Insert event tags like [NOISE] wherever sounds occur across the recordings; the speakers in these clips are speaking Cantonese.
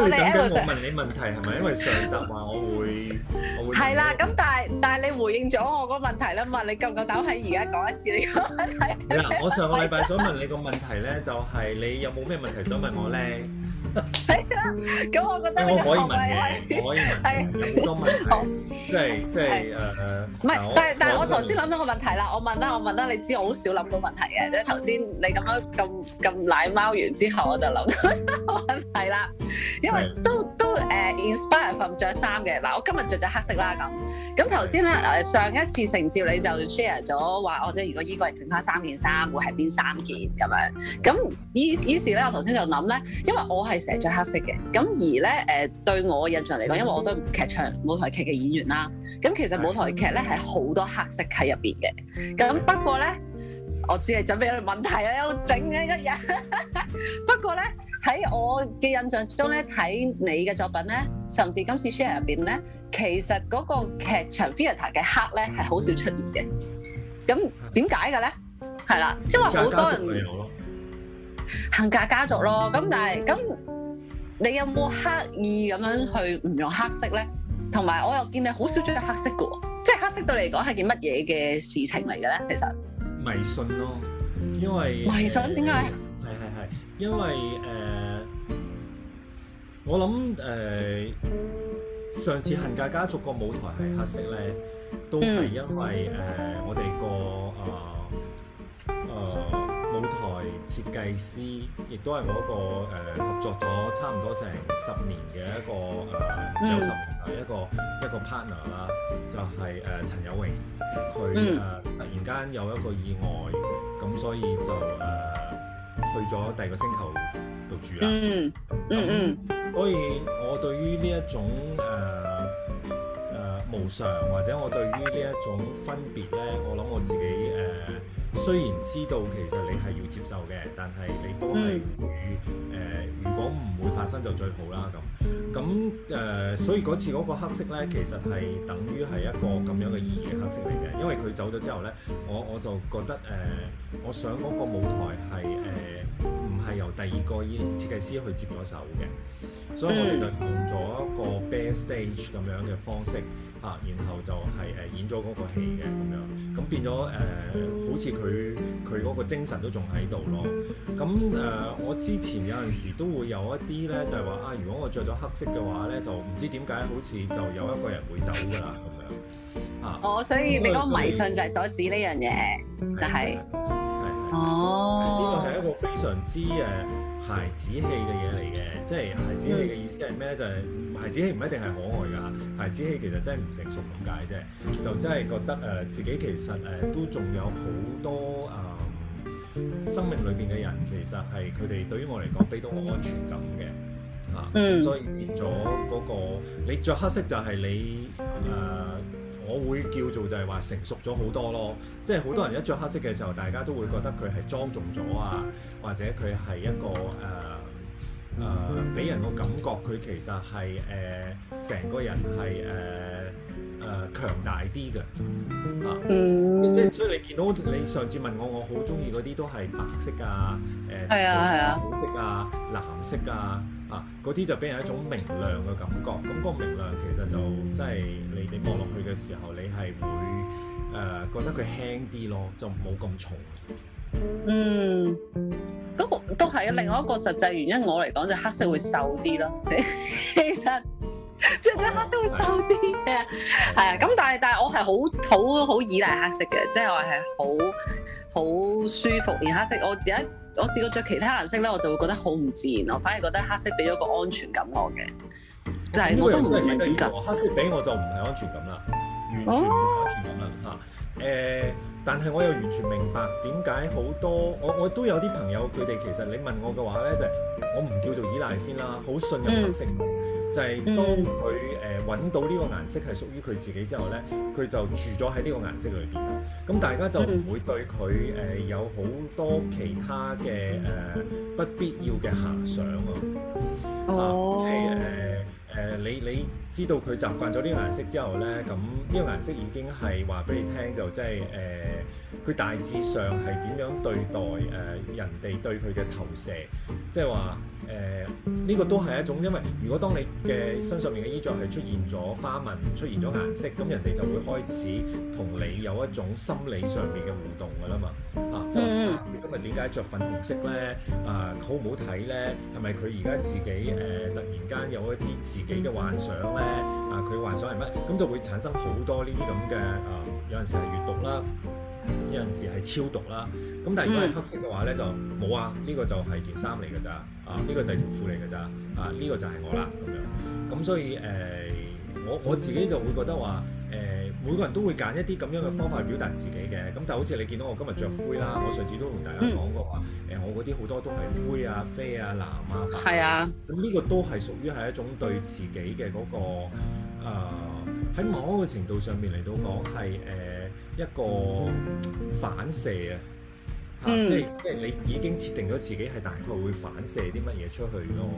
我哋喺度問你問題係咪？因為上集話我會，我會係啦。咁但係但係你回應咗我個問題啦嘛？你夠唔夠膽喺而家講一次你個問題？係啦，我上個禮拜想問你個問題咧，就係你有冇咩問題想問我咧？咁、嗯、我覺得你，我可以問嘅，可以問好多問題，即係，即係、就是，誒唔係，嗯、但係，但係，我頭先諗到個問題啦，我問啦，嗯、我問啦，你知我好少諗到問題嘅，即係頭先你咁樣咁咁奶貓完之後，我就諗問題啦，因為都都誒、呃、inspire from 著衫嘅，嗱我今日着咗黑色啦，咁咁頭先咧誒上一次成照你就 share 咗話，我即係如果衣櫃淨返三件衫，會係邊三件咁樣。咁於於是咧我頭先就諗咧，因為我係成日着黑色。咁而咧，誒對我印象嚟講，因為我都係劇場舞台劇嘅演員啦。咁其實舞台劇咧係好多黑色喺入邊嘅。咁的不過咧，我只係準備有問題啊，有整嘅一樣。 [LAUGHS] 不過咧喺我嘅印象中咧，睇你嘅作品咧，甚至今次 share 入邊咧，其實嗰個劇場 feel 嘅黑咧係好少出現嘅。咁點解嘅咧？係啦，因為好多人家家行家家族咯。咁但係咁。你有冇刻意咁樣去唔用黑色咧？同埋我又見你好少中意黑色嘅喎，即係黑色對你嚟講係件乜嘢嘅事情嚟嘅咧？其實迷信咯，因為迷信點解？係係係，因為誒、呃，我諗誒、呃、上次《恨嫁家族》個舞台係黑色咧，都係因為誒、嗯呃、我哋個啊。呃誒舞台設計師，亦都係我一個誒、呃、合作咗差唔多成十年嘅一個誒友誼，一個一個 partner 啦、就係。就係誒陳友榮，佢誒、呃、突然間有一個意外，咁所以就誒、呃、去咗第二個星球度住啦。咁、嗯嗯、所以我對於呢一種誒誒、呃呃、無常，或者我對於呢一種分別咧，我諗我自己誒。呃雖然知道其實你係要接受嘅，但係你都係會誒如果唔會發生就最好啦咁。咁誒、呃、所以嗰次嗰個黑色咧，其實係等於係一個咁樣嘅意義嘅黑色嚟嘅，因為佢走咗之後咧，我我就覺得誒、呃、我想個舞台係誒唔係由第二個演設計師去接咗手嘅，所以我哋就用咗一個 bare stage 咁樣嘅方式吓、啊，然後就係誒演咗個戲嘅咁樣咁變咗誒、呃、好似。佢佢嗰個精神都仲喺度咯，咁誒、呃，我之前有陣時都會有一啲咧，就係、是、話啊，如果我着咗黑色嘅話咧，就唔知點解好似就有一個人會走㗎啦咁樣啊。哦，所以、嗯、你講迷信就係所指呢樣嘢，就係、是。係。是是是是是是哦。呢個係一個非常之誒孩子氣嘅嘢嚟嘅，即、就、係、是、孩子氣嘅意思係咩咧？就係、是。孩子氣唔一定係可愛㗎，孩子氣其實真係唔成熟咁解啫，就真係覺得誒自己其實誒都仲有好多誒、嗯、生命裏邊嘅人，其實係佢哋對於我嚟講俾到我安全感嘅，啊、嗯，所以變咗嗰個你着黑色就係你誒、呃，我會叫做就係話成熟咗好多咯，即係好多人一着黑色嘅時候，大家都會覺得佢係莊重咗啊，或者佢係一個誒。呃誒俾、呃、人個感覺，佢其實係誒成個人係誒誒強大啲嘅，啊，嗯、即係所以你見到你上次問我，我好鍾意嗰啲都係白色啊，誒、呃，係啊係啊，粉色啊，藍色啊，啊，嗰啲就俾人一種明亮嘅感覺。咁、啊那個明亮其實就即係你哋望落去嘅時候，你係會誒、呃、覺得佢輕啲咯，就冇咁重。嗯，都都係啊！另外一個實際原因，我嚟講就黑色會瘦啲咯。其實着咗黑色會瘦啲嘅，係啊。咁但係但係我係好好好依賴黑色嘅，即係我係好好舒服。而黑色我而我試過着其他顏色咧，我就會覺得好唔自然。我反而覺得黑色俾咗個安全感我嘅，就係我都唔係點解黑色俾我就唔係安全感啦，完全唔係安全感。誒、呃，但係我又完全明白點解好多我我都有啲朋友佢哋，其實你問我嘅話咧，就係、是、我唔叫做依賴先啦，好信任顏色，嗯、就係當佢誒揾到呢個顏色係屬於佢自己之後咧，佢就住咗喺呢個顏色裏邊啦。咁大家就唔會對佢誒、嗯呃、有好多其他嘅誒、呃、不必要嘅遐想啊。呃、哦。係誒。呃誒，你你知道佢習慣咗呢個顏色之後咧，咁呢個顏色已經係話俾你聽，就即係誒，佢、呃、大致上係點樣對待誒、呃、人哋對佢嘅投射，即係話。誒呢、呃這個都係一種，因為如果當你嘅身上面嘅衣着係出現咗花紋、出現咗顏色，咁人哋就會開始同你有一種心理上面嘅互動㗎啦嘛。啊，就啊因為點解着粉紅色呢？啊，好唔好睇呢？係咪佢而家自己誒、呃、突然間有一啲自己嘅幻想呢？啊，佢幻想係乜？咁就會產生好多呢啲咁嘅啊，有陣時係閲讀啦。有陣時係超毒啦，咁但係如果係黑色嘅話咧就冇啊，呢個就係件衫嚟㗎咋啊，呢個就係條褲嚟㗎咋啊，呢個就係我啦咁樣，咁所以誒、呃，我我自己就會覺得話誒、呃，每個人都會揀一啲咁樣嘅方法去表達自己嘅，咁但係好似你見到我今日着灰啦，我上次都同大家講過話，誒、嗯呃、我嗰啲好多都係灰啊、啡啊、藍啊，係啊，咁呢個都係屬於係一種對自己嘅嗰個喺、呃、某個程度上面嚟到講係誒。嗯一個反射啊，嚇、嗯，即係即係你已經設定咗自己係大概會反射啲乜嘢出去咯。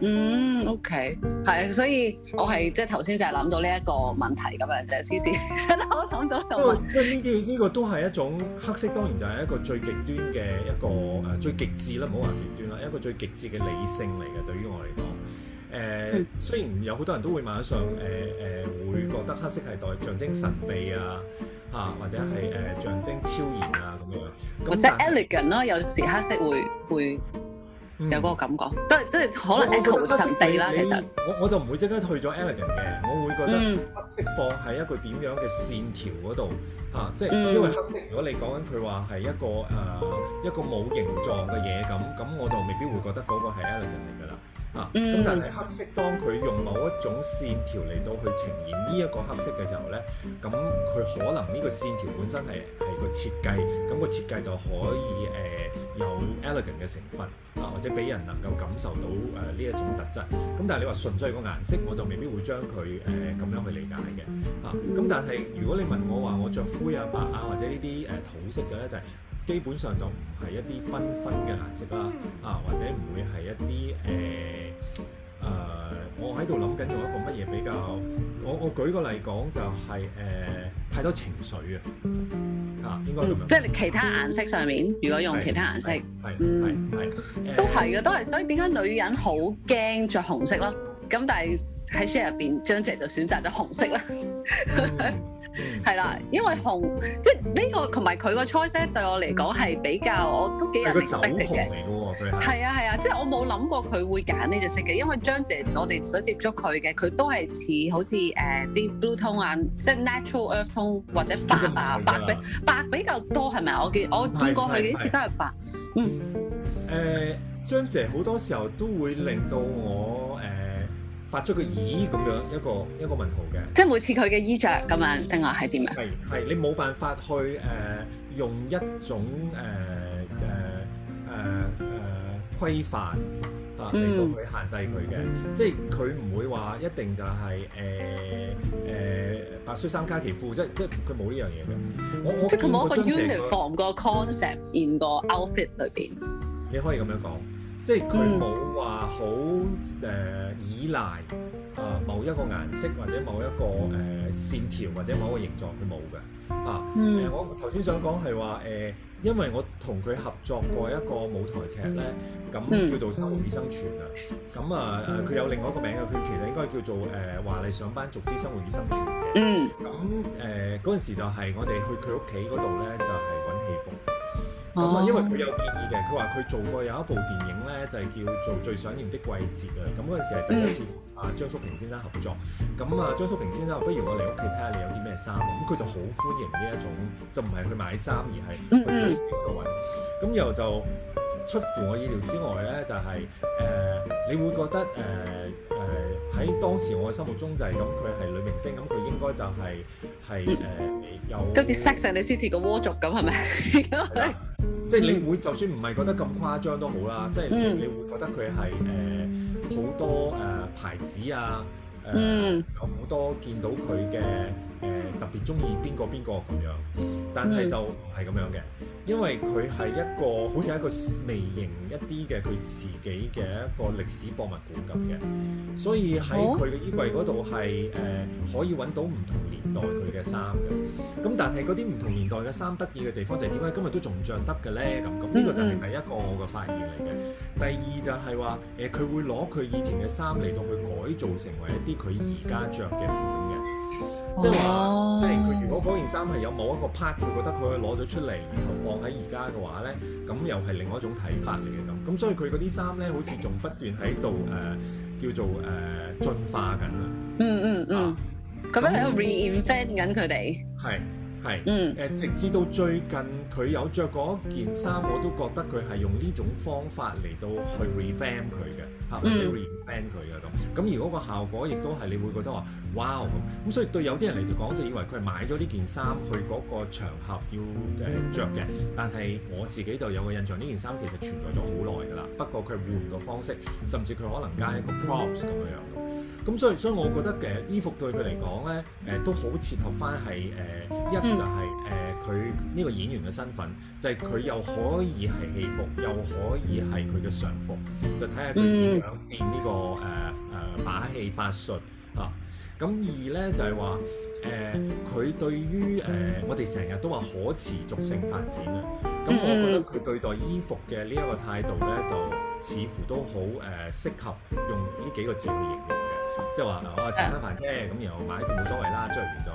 嗯，OK，係，所以我係即係頭先就係諗到呢一個問題咁樣啫，黐線真我諗到到。即係呢 [LAUGHS] 個呢、呢個呢個都係一種黑色，當然就係一個最極端嘅一個誒、啊、最極致啦，唔好話極端啦，一個最極致嘅理性嚟嘅，對於我嚟講，誒、呃嗯、雖然有好多人都會馬上誒誒、呃呃、會覺得黑色係代表象徵神秘啊。啊，或者係誒、嗯呃、象徵超然啊咁樣，或者 elegant 咯，有時黑色會會有嗰個感覺，都係即係可能 equal 神秘啦。其實我我就唔會即刻去咗 elegant 嘅，我會覺得黑色放喺一個點樣嘅線條嗰度，嚇、啊，即、就、係、是、因為黑色，如果你講緊佢話係一個誒、呃、一個冇形狀嘅嘢咁，咁我就未必會覺得嗰個係 elegant 嚟㗎啦。啊，咁但係黑色，當佢用某一種線條嚟到去呈現呢一個黑色嘅時候咧，咁、嗯、佢可能呢個線條本身係係個設計，咁、嗯這個設計就可以誒、呃、有 elegant 嘅成分啊，或者俾人能夠感受到誒呢一種特質。咁、嗯、但係你話純粹個顏色，我就未必會將佢誒咁樣去理解嘅。啊，咁但係如果你問我話我着灰啊、白啊或者呢啲誒土色嘅咧就係。基本上就唔係一啲繽紛嘅顏色啦，啊或者唔會係一啲誒誒，我喺度諗緊用一個乜嘢比較？我我舉個例講就係、是、誒、呃、太多情緒啊，應該咁樣、嗯、即係其他顏色上面，如果用其他顏色，嗯， [LAUGHS] 都係嘅，都係，所以點解女人好驚着紅色咯？嗯咁但係喺 share 入邊，張姐就選擇咗紅色啦，係啦，因為紅即係呢個同埋佢個 choice 對我嚟講係比較我都幾有 distinct 嘅。係啊係啊，即係我冇諗過佢會揀呢隻色嘅，因為張姐我哋所接觸佢嘅，佢都係似好似誒啲 blue tone 啊，即係 natural earth tone 或者白啊白，白比白比較多係咪？我見是我見過佢幾次都係白。嗯。誒、呃，張姐好多時候都會令到我。發出個咦咁樣一個一個，一個問號嘅，即係每次佢嘅衣着咁樣定話係點啊？係，係你冇辦法去誒、呃、用一種誒誒誒誒規範嚇嚟、呃、到去限制佢嘅，嗯、即係佢唔會話一定就係誒誒白恤衫加其褲，即係即係佢冇呢樣嘢嘅。我我即係佢冇一個 uniform 個 concept in 個 outfit 裏邊，你可以咁樣講，即係佢冇。好誒、呃，依賴誒、呃、某一個顏色或者某一個誒、呃、線條或者某一個形狀佢冇嘅啊，誒、呃，我頭先想講係話誒，因為我同佢合作過一個舞台劇咧，咁叫做生活與生存啊，咁啊誒佢有另外一個名嘅，佢其實應該叫做誒華麗上班族之生活與生存嘅嗯，咁誒嗰陣時就係我哋去佢屋企嗰度咧就係、是。咁啊，哦、因為佢有建議嘅，佢話佢做過有一部電影咧，就係、是、叫做《最想念的季節》啊。咁嗰陣時係第一次同阿張叔平先生合作。咁啊，張叔平先生，不如我嚟屋企睇下你有啲咩衫。咁佢就好歡迎呢一種，就唔係去買衫而係去睇幾多位。咁又就。出乎我意料之外咧，就係誒，你會覺得誒誒喺當時我嘅心目中就係咁，佢係女明星，咁佢應該就係係誒有，好似 Sex and the City 個 wardrobe 咁，係咪？即係你會就算唔係覺得咁誇張都好啦，即係你會覺得佢係誒好多誒牌子啊，誒有好多見到佢嘅。特別中意邊個邊個咁樣，但係就唔係咁樣嘅，因為佢係一個好似係一個微型一啲嘅佢自己嘅一個歷史博物館咁嘅，所以喺佢嘅衣櫃嗰度係誒可以搵到唔同年代佢嘅衫嘅，咁但係嗰啲唔同年代嘅衫得意嘅地方就係點解今日都仲着得嘅咧？咁咁呢個就係第一個我嘅發現嚟嘅，第二就係話誒佢會攞佢以前嘅衫嚟到去改造成為一啲佢而家着嘅褲。即係話，即係佢如果嗰件衫係有某一個 part，佢覺得佢可以攞咗出嚟，然後放喺而家嘅話咧，咁又係另外一種睇法嚟嘅咁。咁所以佢嗰啲衫咧，好似仲不斷喺度誒叫做誒、呃、進化緊、嗯嗯嗯、啊。嗯嗯嗯，佢喺度 reinvent 緊佢哋。係、就是。係，誒直至到最近佢有著嗰件衫，我都覺得佢係用呢種方法嚟到去 revamp 佢嘅，嚇或者 revamp 佢嘅咁。咁如果個效果亦都係你會覺得話，哇！咁咁所以對有啲人嚟講就以為佢係買咗呢件衫去嗰個場合要誒著嘅。但係我自己就有個印象，呢件衫其實存在咗好耐㗎啦。不過佢換個方式，甚至佢可能加一個 props 咁樣樣。咁所以所以，所以我覺得誒衣服對佢嚟講咧，誒、呃、都好切合翻係誒一。就係誒佢呢個演員嘅身份，就係、是、佢又可以係戲服，又可以係佢嘅常服，就睇下佢點樣變呢個誒誒、呃呃、把戲法術啊。咁二咧就係話誒佢對於誒、呃、我哋成日都話可持續性發展啊，咁我覺得佢對待衣服嘅呢一個態度咧，就似乎都好誒適合用呢幾個字去形容嘅。即係話我係食餐飯啫，咁然後買啲冇所謂啦，追完就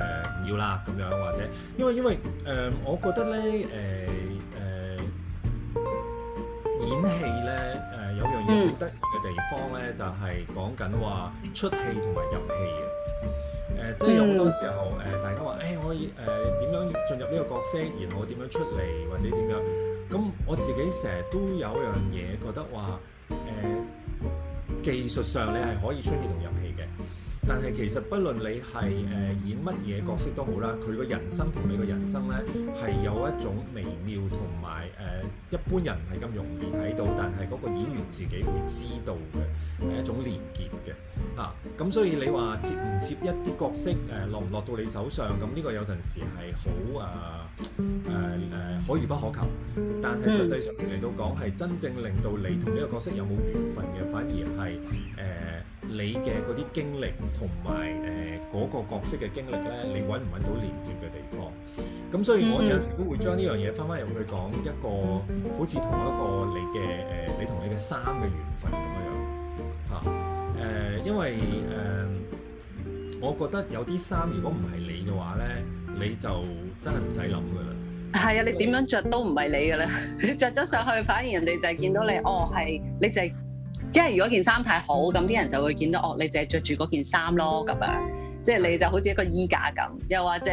誒唔要啦咁樣，或者因為因為誒我覺得咧誒誒演戲咧誒有樣嘢好得意嘅地方咧就係講緊話出戲同埋入戲嘅誒，即係有好多時候誒大家話誒可以誒點樣進入呢個角色，然後我點樣出嚟或者點樣咁，我自己成日都有樣嘢覺得話誒。技術上你係可以出氣同入氣嘅，但係其實不論你係誒演乜嘢角色都好啦，佢個人生同你個人生呢，係有一種微妙同埋誒一般人唔係咁容易睇到，但係嗰個演員自己會知道嘅係一種連結嘅啊。咁所以你話接唔接一啲角色誒、呃、落唔落到你手上，咁呢個有陣時係好啊。誒誒、呃，可遇不可求，但係實際上嚟到講，係、嗯、真正令到你同呢個角色有冇緣分嘅，反而係誒、呃、你嘅嗰啲經歷，同埋誒嗰個角色嘅經歷咧，你搵唔搵到連接嘅地方？咁所以，我有時都會將呢樣嘢翻翻入去講一個，好似同一個你嘅誒、呃，你同你嘅衫嘅緣分咁樣樣吓誒，因為誒、呃，我覺得有啲衫如果唔係你嘅話咧。你就真係唔使諗噶啦，係啊！你點樣着都唔係你噶啦，你着咗上去反而人哋就係見到你，哦係，你就係，即係因為如果件衫太好，咁啲人就會見到，哦，你就係着住嗰件衫咯，咁樣，即係你就好似一個衣架咁。又或者，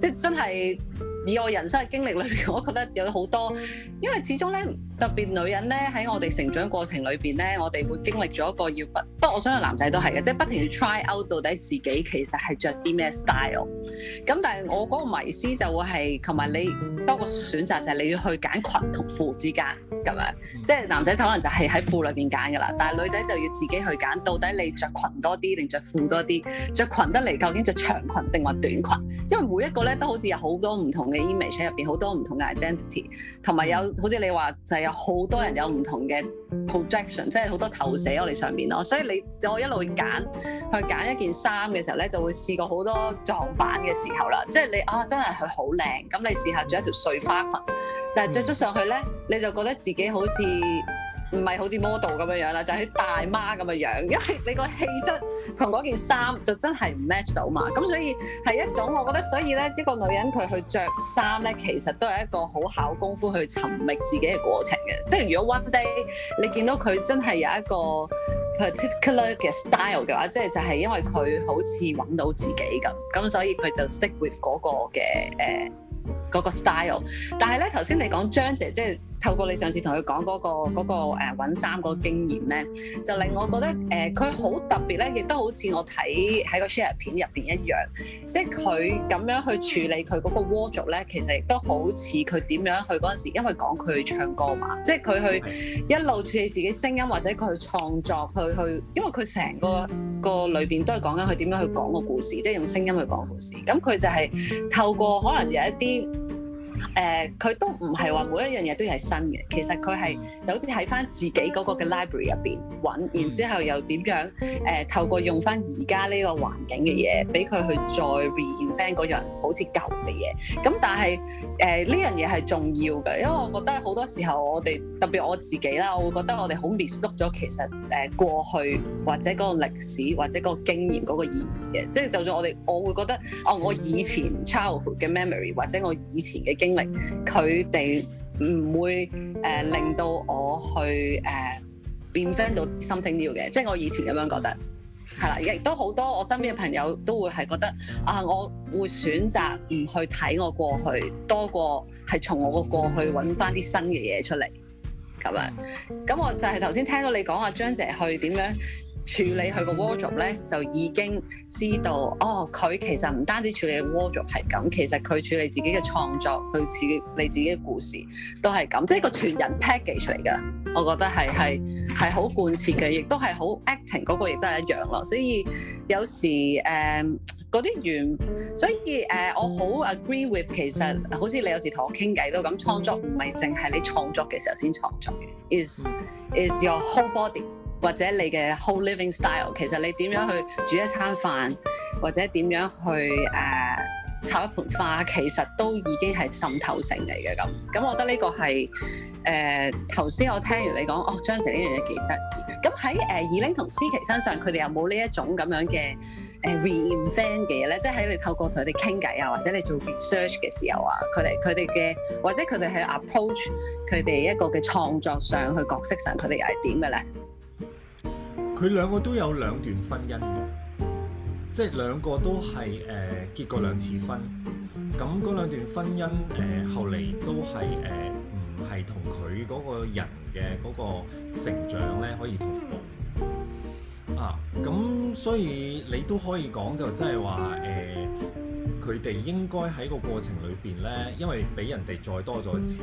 即係真係以我人生嘅經歷裏面，我覺得有好多，因為始終咧。特別女人咧喺我哋成長過程裏邊咧，我哋會經歷咗一個要不不過我想個男仔都係嘅，即係不停要 try out 到底自己其實係着啲咩 style。咁但係我個迷思就會係同埋你多個選擇就係你要去揀裙同褲之間咁樣，即係男仔可能就係喺褲裏邊揀㗎啦，但係女仔就要自己去揀到底你着裙多啲定着褲多啲？着裙得嚟究竟着長裙定或短裙？因為每一個咧都好似有好多唔同嘅 image 入邊，好多唔同嘅 identity，同埋有好似你話就係。有好多人有唔同嘅 projection，即係好多投射我哋上面咯，所以你我一路揀去揀一件衫嘅時候咧，就會試過好多撞板嘅時候啦，即係你啊真係佢好靚，咁你試下着一條碎花裙，但係着咗上去咧，你就覺得自己好似～唔係好似 model 咁樣樣啦，就係啲大媽咁嘅樣，因為你個氣質同件衫就真係唔 match 到嘛。咁所以係一種我覺得，所以咧一個女人佢去着衫咧，其實都係一個好考功夫去尋覓自己嘅過程嘅。即係如果 one day 你見到佢真係有一個 particular 嘅 style 嘅話，即係就係因為佢好似揾到自己咁，咁所以佢就 stick with 嗰個嘅誒嗰個 style。但係咧頭先你講張姐即係。透過你上次同佢講嗰、個嗰、個誒揾衫嗰個經驗咧，就令我覺得誒佢好特別咧，亦都好似我睇喺個 share 片入邊一樣，即係佢咁樣去處理佢嗰個 wardrobe 咧，其實亦都好似佢點樣去嗰陣時，因為講佢去唱歌嘛，即係佢去一路處理自己聲音或者佢去創作去去，因為佢成個個裏邊都係講緊佢點樣去講個故事，即係用聲音去講個故事。咁佢就係透過可能有一啲。誒佢、呃、都唔係話每一樣嘢都係新嘅，其實佢係就好似喺翻自己個嘅 library 入邊揾，然之後又點樣誒、呃、透過用翻而家呢個環境嘅嘢，俾佢去再 refine 嗰樣好似舊嘅嘢。咁、嗯、但係誒呢樣嘢係重要嘅，因為我覺得好多時候我哋特別我自己啦，我會覺得我哋好 miss 咗其實誒、呃、過去或者個歷史或者個經驗個意義嘅。即係就算我哋，我會覺得哦我以前 childhood 嘅 memory 或者我以前嘅經歷。佢哋唔會誒、呃、令到我去誒、呃、變翻到 something new 嘅，即係我以前咁樣覺得，係啦，亦都好多我身邊嘅朋友都會係覺得啊，我會選擇唔去睇我過去，多過係從我個過去揾翻啲新嘅嘢出嚟咁樣。咁我就係頭先聽到你講阿張姐去點樣處理佢個 wardrobe 咧，就已經知道哦。佢其實唔單止處理 wardrobe 係咁，其實佢處理自己嘅創作，佢自己你自己嘅故事都係咁，即係個全人 package 嚟㗎。我覺得係係係好貫徹嘅，亦都係好 acting 嗰、那個亦都係一樣咯。所以有時誒嗰啲原，所以誒、呃、我好 agree with 其實，好似你有時同我傾偈都咁，創作唔係淨係你創作嘅時候先創作嘅，is is your whole body。或者你嘅 whole living style，其實你點樣去煮一餐飯，或者點樣去誒插、呃、一盆花，其實都已經係滲透性嚟嘅咁。咁我覺得呢個係誒頭先我聽完你講，哦張姐呢樣嘢幾得意。咁喺誒二玲同思琪身上，佢哋有冇、呃、呢一種咁樣嘅誒 reinvent 嘅嘢咧。即係喺你透過同佢哋傾偈啊，或者你做 research 嘅時候啊，佢哋佢哋嘅或者佢哋係 approach 佢哋一個嘅創作上，去角色上，佢哋又係點嘅咧？佢兩個都有兩段婚姻，即係兩個都係誒、呃、結過兩次婚，咁嗰兩段婚姻誒、呃、後嚟都係誒唔係同佢嗰個人嘅嗰個成長咧可以同步。啊，咁所以你都可以講就即係話誒，佢、呃、哋應該喺個過程裏邊咧，因為俾人哋再多咗一次。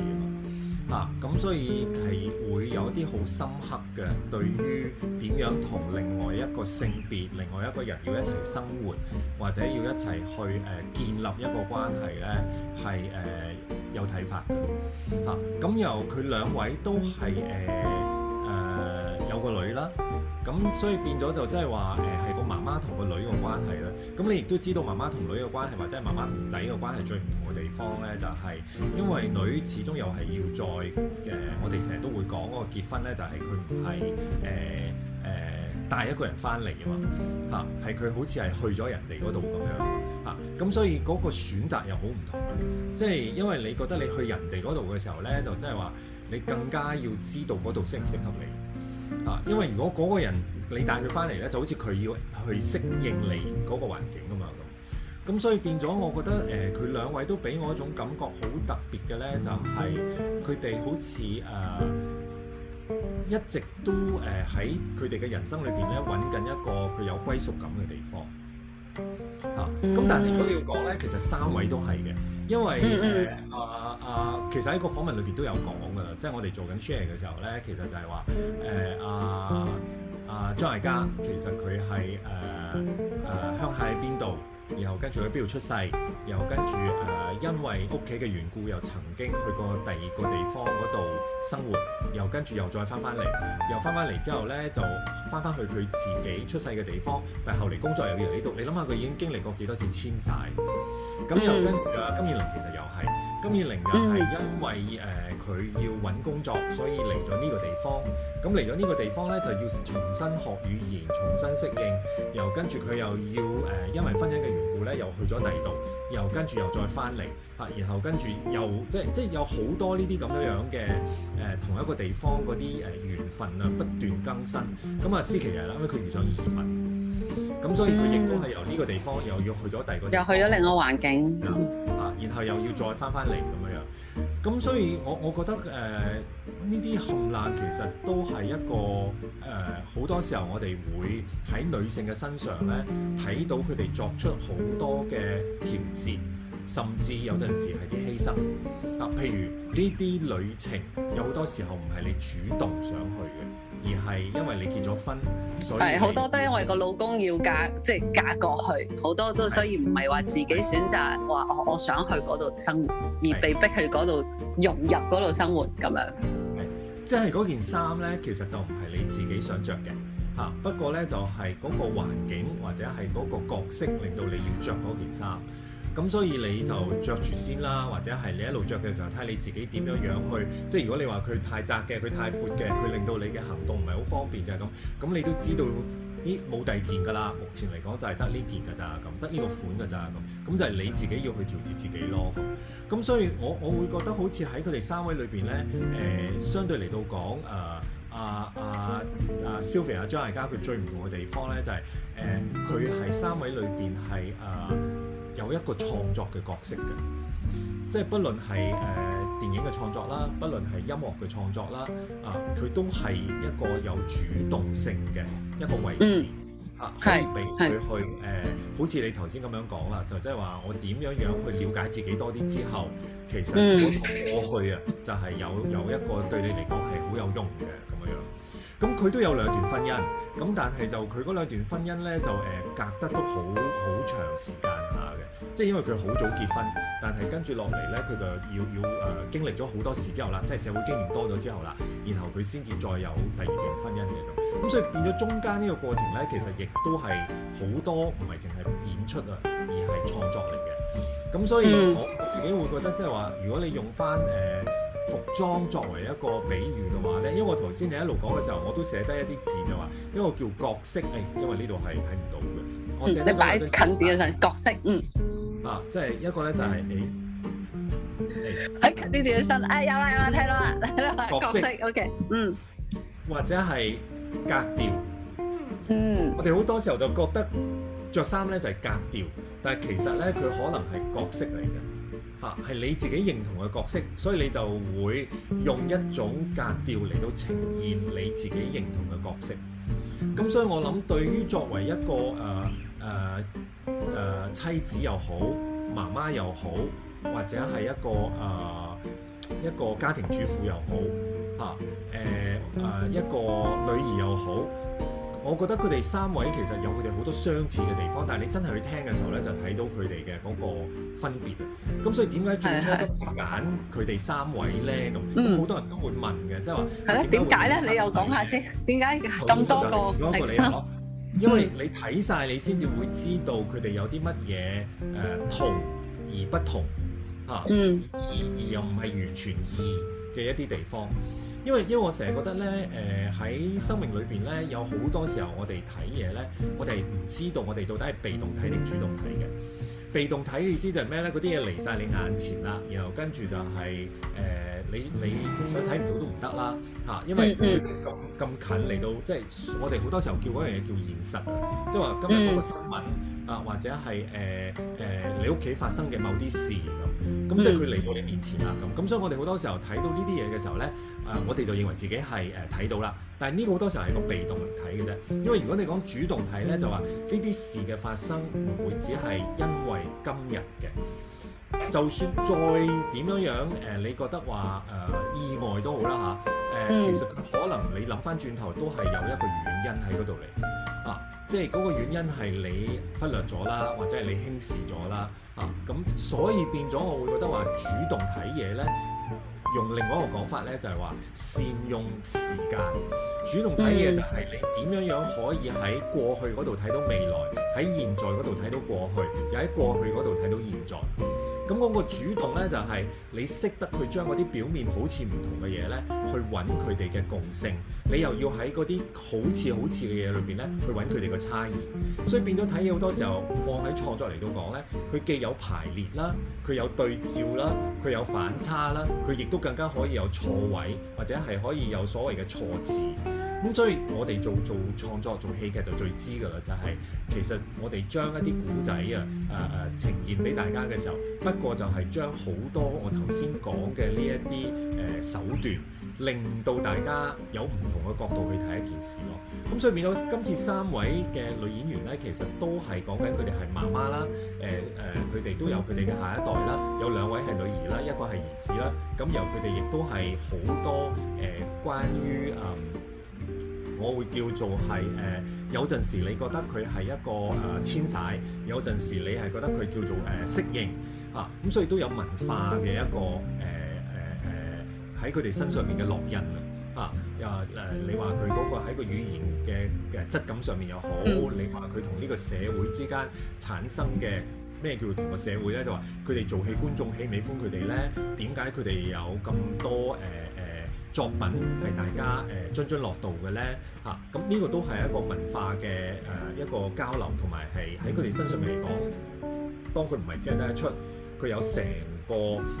嗱，咁、啊、所以係會有一啲好深刻嘅，對於點樣同另外一個性別、另外一個人要一齊生活，或者要一齊去誒、呃、建立一個關係咧，係誒、呃、有睇法嘅。嚇、啊，咁由佢兩位都係誒誒有個女啦。咁所以變咗就即係話誒係個媽媽同個女個關係啦。咁你亦都知道媽媽同女個關係，或者係媽媽同仔個關係最唔同嘅地方咧，就係、是、因為女始終又係要再誒、呃，我哋成日都會講嗰個結婚咧，就係佢唔係誒誒帶一個人翻嚟啊嘛嚇，係佢好似係去咗人哋嗰度咁樣嚇。咁、啊、所以嗰個選擇又好唔同啊。即、就、係、是、因為你覺得你去人哋嗰度嘅時候咧，就即係話你更加要知道嗰度適唔適合你。因為如果嗰個人你帶佢翻嚟咧，就好似佢要去適應你嗰個環境啊嘛，咁，咁所以變咗，我覺得誒，佢、呃、兩位都俾我一種感覺好特別嘅咧，就係佢哋好似誒、呃、一直都誒喺佢哋嘅人生裏邊咧，揾緊一個佢有歸屬感嘅地方。啊！咁但係如果你要講咧，其實三位都係嘅，因為誒啊啊，其實喺個訪問裏邊都有講噶啦，即係我哋做緊 share 嘅時候咧，其實就係話誒啊啊張艾嘉，其實佢係誒誒鄉下喺邊度？然後跟住佢喺邊度出世，又跟住誒、呃、因為屋企嘅緣故，又曾經去過第二個地方嗰度生活，又跟住又再翻返嚟，又翻返嚟之後呢，就翻返去佢自己出世嘅地方，但後嚟工作又要嚟呢度。你諗下佢已經經歷過幾多次遷徙。咁又、嗯、跟住啊金燕玲其實又係。金燕玲啊係因為誒佢、呃、要揾工作，所以嚟咗呢個地方。咁嚟咗呢個地方呢，就要重新學語言，重新適應。又跟住佢又要誒、呃，因為婚姻嘅緣故呢，又去咗第二度。又跟住又再翻嚟嚇，然後跟住又、啊、跟又即係即係有好多呢啲咁樣樣嘅誒，同一個地方嗰啲誒緣分啊不斷更新。咁啊、嗯，思琪啊，因為佢遇上移民，咁、嗯、所以佢亦都係由呢個地方又要去咗第二個，又去咗另外一個環境。嗯嗯。然後又要再返返嚟咁樣樣，咁所以我我覺得誒呢啲冚難其實都係一個誒好、呃、多時候我哋會喺女性嘅身上咧睇到佢哋作出好多嘅調節，甚至有陣時係啲犧牲啊，譬如呢啲旅程有好多時候唔係你主動想去嘅。而係因為你結咗婚，係好多都因為個老公要嫁，即係嫁過去，好多都所以唔係話自己選擇話我我想去嗰度生活，而被逼去嗰度融入嗰度生活咁樣。係，即係嗰件衫咧，其實就唔係你自己想着嘅嚇，不過咧就係、是、嗰個環境或者係嗰個角色令到你要着嗰件衫。咁所以你就着住先啦，或者係你一路着嘅時候，睇下你自己點樣樣去。即係如果你話佢太窄嘅，佢太闊嘅，佢令到你嘅行動唔係好方便嘅咁，咁你都知道，咦冇第二件噶啦。目前嚟講就係得呢件噶咋，咁得呢個款噶咋，咁咁就係你自己要去調節自己咯。咁所以我，我我會覺得好似喺佢哋三位裏邊咧，誒、呃、相對嚟到講誒啊啊啊 Sylvia 啊,張艾嘉佢最唔同嘅地方咧，就係誒佢係三位裏邊係誒。呃有一個創作嘅角色嘅，即係不論係誒、呃、電影嘅創作啦，不論係音樂嘅創作啦，啊、呃，佢都係一個有主動性嘅一個位置，嚇、嗯啊，可以俾佢去誒是、呃，好似你頭先咁樣講啦，就即係話我點樣樣去了解自己多啲之後，其實如果過去啊，嗯、就係有有一個對你嚟講係好有用嘅。咁佢都有兩段婚姻，咁但係就佢嗰兩段婚姻呢，就誒、呃、隔得都好好長時間下嘅，即係因為佢好早結婚，但係跟住落嚟呢，佢就要要誒、呃、經歷咗好多事之後啦，即係社會經驗多咗之後啦，然後佢先至再有第二段婚姻嘅。咁所以變咗中間呢個過程呢，其實亦都係好多唔係淨係演出啊，而係創作嚟嘅，咁所以我，我自己會覺得即係話，如果你用翻誒，呃服裝作為一個比喻嘅話咧，因為我頭先你一路講嘅時候，我都寫低一啲字就話，一個叫角色，誒，因為呢度係睇唔到嘅，我寫低。嗯，你擺近字嘅身，角色，嗯。啊，即係一個咧就係你，係近啲自己身，啊，有啦有啦，睇到啦，角色，OK，嗯。或者係格調，嗯，我哋好多時候就覺得著衫咧就係格調，但係其實咧佢可能係角色嚟嘅。係你自己認同嘅角色，所以你就會用一種格調嚟到呈現你自己認同嘅角色。咁所以，我諗對於作為一個誒誒誒妻子又好，媽媽又好，或者係一個誒一個家庭主婦又好，嚇誒誒一個女兒又好。我覺得佢哋三位其實有佢哋好多相似嘅地方，但係你真係去聽嘅時候咧，就睇到佢哋嘅嗰個分別。咁所以點解最初都揀佢哋三位咧？咁好的多人都會問嘅，即係話係啦，點解咧？的你又講下先，點解咁多個第三？因為你睇晒，你先至會知道佢哋有啲乜嘢誒同而不同、嗯、啊，而而又唔係完全異嘅一啲地方。因為因為我成日覺得咧，誒、呃、喺生命裏邊咧，有好多時候我哋睇嘢咧，我哋唔知道我哋到底係被動睇定主動睇嘅。被動睇嘅意思就係咩咧？嗰啲嘢離晒你眼前啦，然後跟住就係、是、誒。呃你你想睇唔到都唔得啦嚇，因為咁咁 [LAUGHS] 近嚟到，即係我哋好多時候叫嗰樣嘢叫現實啊，即係話今日嗰個新聞啊，或者係誒誒你屋企發生嘅某啲事咁，咁即係佢嚟到你面前啦咁，咁、嗯、 [LAUGHS] 所以我哋好多時候睇到呢啲嘢嘅時候咧，啊我哋就認為自己係誒睇到啦，但係呢個好多時候係一個被動睇嘅啫，因為如果你講主動睇咧， [LAUGHS] 就話呢啲事嘅發生唔會只係因為今日嘅。就算再點樣樣誒、呃，你覺得話誒、呃、意外都好啦嚇誒，呃 mm. 其實可能你諗翻轉頭都係有一個原因喺嗰度嚟啊，即係嗰個原因係你忽略咗啦，或者係你輕視咗啦啊，咁所以變咗我會覺得話主動睇嘢咧，用另外一個講法咧就係、是、話善用時間，主動睇嘢就係你點樣怎樣可以喺過去嗰度睇到未來，喺現在嗰度睇到過去，又喺過去嗰度睇到現在。咁嗰個主動咧，就係你識得去將嗰啲表面好似唔同嘅嘢咧，去揾佢哋嘅共性。你又要喺嗰啲好似好似嘅嘢裏邊咧，去揾佢哋嘅差異。所以變咗睇戲好多時候，放喺創作嚟到講咧，佢既有排列啦，佢有對照啦，佢有反差啦，佢亦都更加可以有錯位，或者係可以有所謂嘅錯字。咁所以，我哋做做創作做戲劇就最知㗎啦。就係、是、其實我哋將一啲古仔啊誒呈現俾大家嘅時候，不過就係將好多我頭先講嘅呢一啲誒、呃、手段，令到大家有唔同嘅角度去睇一件事咯。咁所以變到今次三位嘅女演員咧，其實都係講緊佢哋係媽媽啦。誒、呃、誒、呃，佢哋都有佢哋嘅下一代啦。有兩位係女兒啦，一個係兒子啦。咁由佢哋亦都係好多誒、呃、關於嗯、呃。我會叫做係誒、呃、有陣時你覺得佢係一個誒遷徙，有陣時你係覺得佢叫做誒、啊、適應啊，咁所以都有文化嘅一個誒誒誒喺佢哋身上面嘅烙印啊啊！又、啊、誒、啊、你話佢嗰個喺個語言嘅嘅質感上面又好，你話佢同呢個社會之間產生嘅咩叫同個社會咧？就話佢哋做戲觀眾喜唔喜歡佢哋咧，點解佢哋有咁多誒、呃作品係大家誒津津樂道嘅咧嚇，咁、啊、呢個都係一個文化嘅誒、呃、一個交流，同埋係喺佢哋身上嚟講，當佢唔係只係得一出，佢有成個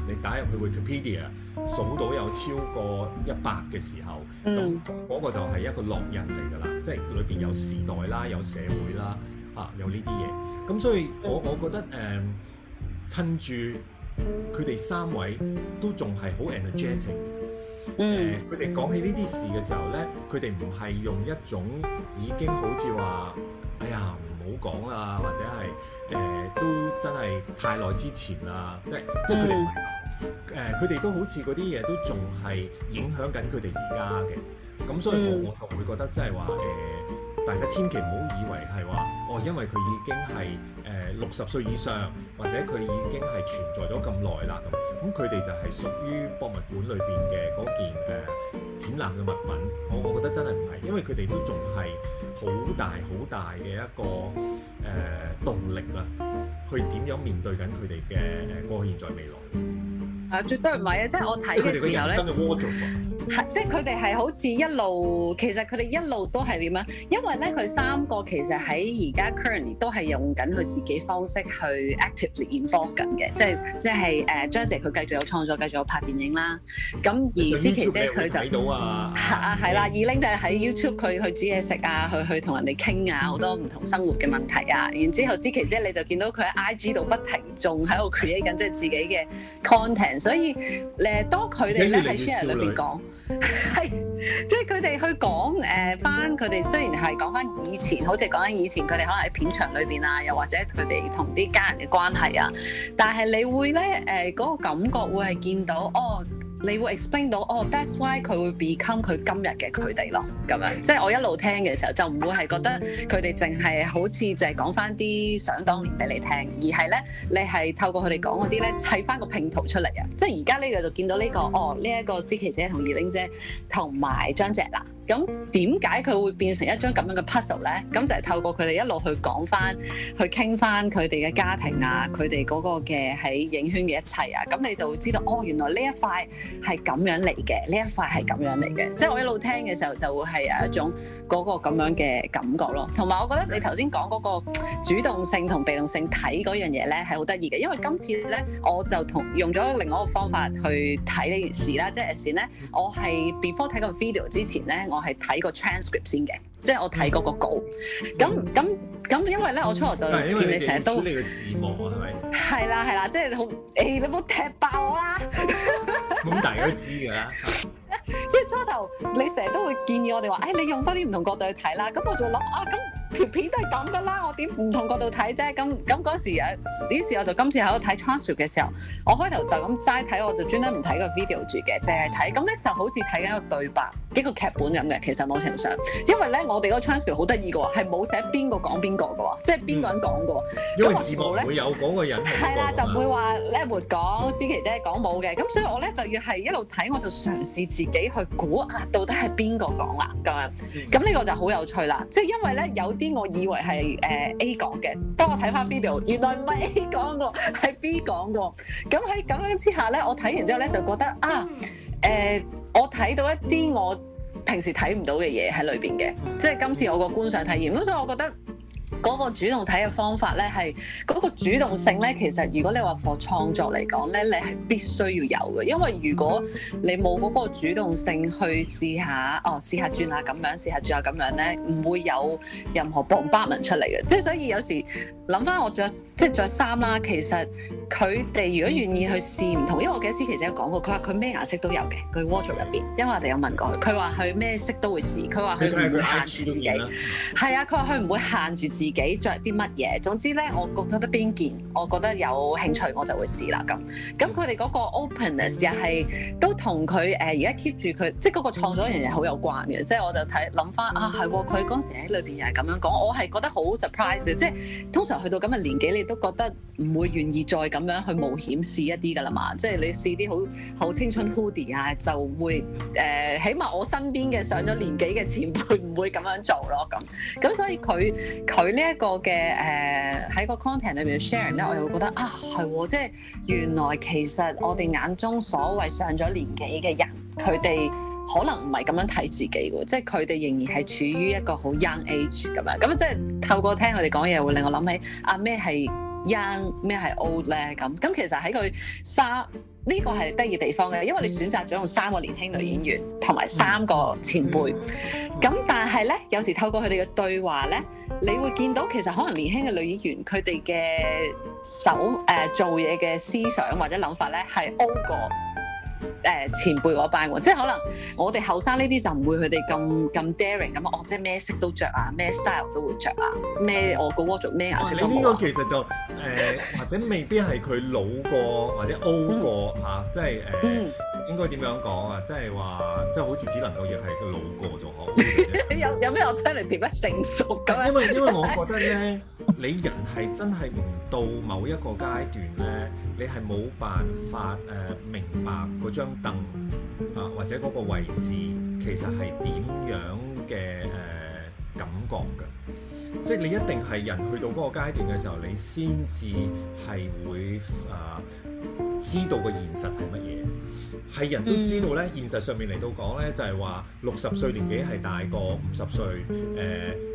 你打入去 Wikipedia 數到有超過一百嘅時候，嗰個就係一個烙印嚟㗎啦，即係裏邊有時代啦，有社會啦嚇、啊，有呢啲嘢。咁所以我我覺得誒、呃，趁住佢哋三位都仲係好 energetic。誒，佢哋講起呢啲事嘅時候咧，佢哋唔係用一種已經好似話，哎呀唔好講啦，或者係誒、呃、都真係太耐之前啦，即即係佢哋唔係咁。佢哋、嗯呃、都好似嗰啲嘢都仲係影響緊佢哋而家嘅。咁所以我我會覺得即係話誒，大家千祈唔好以為係話，哦，因為佢已經係。六十歲以上，或者佢已經係存在咗咁耐啦，咁佢哋就係屬於博物館裏邊嘅嗰件誒、呃、展覽嘅物品。我我覺得真係唔係，因為佢哋都仲係好大好大嘅一個誒、呃、動力啦，去點樣面對緊佢哋嘅過去、現在、未來。係，絕對唔係啊！即係我睇嘅時候咧，係即係佢哋係好似一路，其實佢哋一路都係點樣？因為咧，佢三個其實喺而家 currently 都係用緊佢自己方式去 actively involve 緊嘅，即係即係誒張姐佢繼續有創作，繼續有拍電影啦。咁而思琪姐佢就係啊，係啦，二 Ling 就係喺 YouTube 佢去，去煮嘢食啊，去去同人哋傾啊，好多唔同生活嘅問題啊。然之後思琪姐你就見到佢喺 IG 度不停仲喺度 create 緊即係自己嘅 content。所以，誒，當佢哋咧喺 share 裏邊講，係， [MUSIC] [LAUGHS] 即係佢哋去講，誒、呃，返佢哋雖然係講返以前，好似講緊以前佢哋可能喺片場裏邊啊，又或者佢哋同啲家人嘅關係啊，但係你會咧，誒、呃，嗰個感覺會係見到，哦。你會 explain 到哦，that's why 佢會 become 佢今日嘅佢哋咯，咁樣，即係我一路聽嘅時候就唔會係覺得佢哋淨係好似淨係講翻啲想當年俾你聽，而係咧你係透過佢哋講嗰啲咧砌翻個拼圖出嚟啊！即係而家呢個就見到呢、呢個哦，呢、呢、一個思琪姐同怡玲姐同埋張姐喇。咁點解佢會變成一張咁樣嘅 puzzle 咧？咁就係透過佢哋一路去講翻，去傾翻佢哋嘅家庭啊，佢哋嗰個嘅喺影圈嘅一切啊，咁你就會知道，哦，原來呢一塊係咁樣嚟嘅，呢一塊係咁樣嚟嘅。即係我一路聽嘅時候，就會係有一種嗰個咁樣嘅感覺咯。同埋我覺得你頭先講嗰個主動性同被動性睇嗰樣嘢咧，係好得意嘅，因為今次咧，我就同用咗另外一個方法去睇呢件事啦。即係時咧，我係 before 睇個 video 之前咧。我係睇個 transcript 先嘅，即係我睇嗰個稿。咁咁咁，因為咧，嗯、我初頭就見為你成日都你嘅字幕係咪？係啦係啦，即係好誒，你冇踢爆我、啊、 [LAUGHS] 啦！咁大家都知㗎啦。即係初頭，你成日都會建議我哋話，誒、哎，你用翻啲唔同角度去睇啦。咁我就諗啊，咁條片都係咁㗎啦，我點唔同角度睇啫？咁咁嗰時誒，於是我就今次喺度睇 transcript 嘅時候，我開頭就咁齋睇，我就專登唔睇個 video 住嘅，淨係睇。咁咧、嗯、就好似睇緊個對白。幾個劇本咁嘅，其實某程度上，因為咧我哋個 transcript 好得意嘅喎，係冇寫邊個講邊個嘅喎，即係邊、嗯、個人講嘅。因為字幕咧有講個人。係啦，就唔會話咧沒講，思琪姐係講冇嘅。咁所以我咧就要係一路睇，我就嘗試自己去估啊，到底係邊個講啦咁樣。咁呢個就好有趣啦，即係因為咧有啲我以為係誒、呃、A 講嘅，當我睇翻 video，原來唔係 A 講個，係 B 講個。咁喺咁樣之下咧，我睇完之後咧就覺得啊誒。呃我睇到一啲我平時睇唔到嘅嘢喺裏邊嘅，即係今次我個觀賞體驗，咁所以我覺得。嗰個主動睇嘅方法咧，係嗰、那個主動性咧，其實如果你話課創作嚟講咧，你係必須要有嘅，因為如果你冇嗰個主動性去試下，哦試下轉下咁樣，試下轉下咁樣咧，唔會有任何 bombardment 出嚟嘅。即係所以有時諗翻我着，即係着衫啦，其實佢哋如果願意去試唔同，因為我記得司琪姐有講過，佢話佢咩顏色都有嘅，佢 wardrobe 入邊，因為我哋有問過佢，佢話佢咩色都會試，佢話佢唔會限住自己，係啊，佢話佢唔會限住。 [LAUGHS] 自己着啲乜嘢？總之咧，我覺得得邊件我覺得有興趣，我就會試啦咁。咁佢哋嗰個 openness 又係都同佢誒而家 keep 住佢，即係嗰個創作人嘢好有關嘅。即係我就睇諗翻啊，係佢嗰時喺裏邊又係咁樣講，我係覺得好 surprise。即係通常去到咁嘅年紀你都覺得唔會願意再咁樣去冒險試一啲噶啦嘛。即係你試啲好好青春 h o d d i 啊，就會誒、呃、起碼我身邊嘅上咗年紀嘅前輩唔會咁樣做咯。咁咁所以佢佢。佢呢一個嘅誒喺個 content 裏面 share 咧，我又會覺得啊係喎，即係原來其實我哋眼中所謂上咗年紀嘅人，佢哋可能唔係咁樣睇自己嘅喎，即係佢哋仍然係處於一個好 young age 咁樣，咁即係透過聽佢哋講嘢，會令我諗起啊咩係 young 咩係 old 咧咁，咁其實喺佢沙。呢個係得意地方嘅，因為你選擇咗用三個年輕女演員同埋三個前輩，咁但係呢，有時透過佢哋嘅對話呢，你會見到其實可能年輕嘅女演員佢哋嘅手誒、呃、做嘢嘅思想或者諗法呢，係 O 過。誒前輩嗰班喎，即係可能我哋後生呢啲就唔會佢哋咁咁 daring 咁啊！哦，即係咩色都着啊，咩 style 都會着啊，咩我個我著咩顏色都冇啊！呢個其實就誒，呃、 [LAUGHS] 或者未必係佢老過或者 old 過、嗯啊、即係誒、呃，應該點樣講啊？即係話，即係好似只能夠亦係佢老過咗。 [LAUGHS] 有有咩我聽嚟點樣成熟㗎？因為因為我覺得咧，你人係真係唔到某一個階段咧，你係冇辦法誒明白嗰張凳啊或者嗰個位置其實係點樣嘅誒感覺㗎。即係你一定係人去到嗰個階段嘅時候，你先至係會誒。知道個現實係乜嘢，係人都知道呢，現實上面嚟到講呢，就係話六十歲年紀係大過五十歲，誒、呃、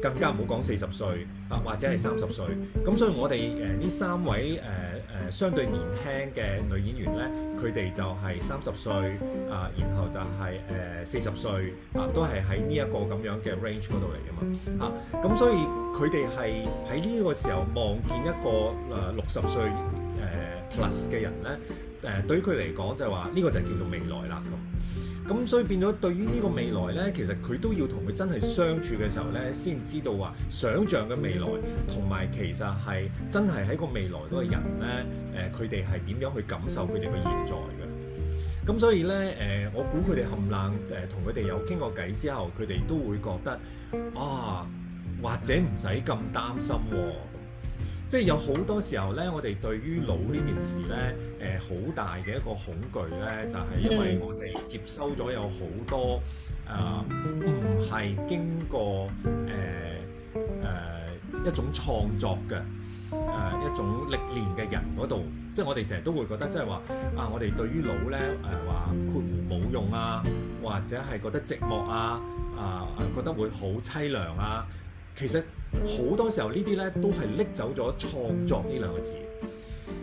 更加唔好講四十歲啊，或者係三十歲。咁所以我哋誒呢三位誒誒、呃呃、相對年輕嘅女演員呢，佢哋就係三十歲啊，然後就係誒四十歲啊，都係喺呢一個咁樣嘅 range 嗰度嚟噶嘛啊。咁所以佢哋係喺呢個時候望見一個誒六十歲。Plus 嘅人咧，誒、呃、對於佢嚟講就係話呢個就係叫做未來啦。咁，咁所以變咗對於呢個未來咧，其實佢都要同佢真係相處嘅時候咧，先知道話想像嘅未來同埋其實係真係喺個未來嗰個人咧，誒佢哋係點樣去感受佢哋嘅現在嘅。咁所以咧，誒、呃、我估佢哋冚冷誒同佢哋有傾過偈之後，佢哋都會覺得啊，或者唔使咁擔心喎、啊。即係有好多時候咧，我哋對，呃就是呃呃呃呃啊、對於老呢件事咧，誒好大嘅一個恐懼咧，就係因為我哋接收咗有好多啊唔係經過誒誒一種創作嘅誒一種歷練嘅人嗰度，即係我哋成日都會覺得即係話啊，我哋對於老咧誒話括弧冇用啊，或者係覺得寂寞啊啊覺得會好凄涼啊。其實好多時候呢啲咧都係拎走咗創作呢兩個字。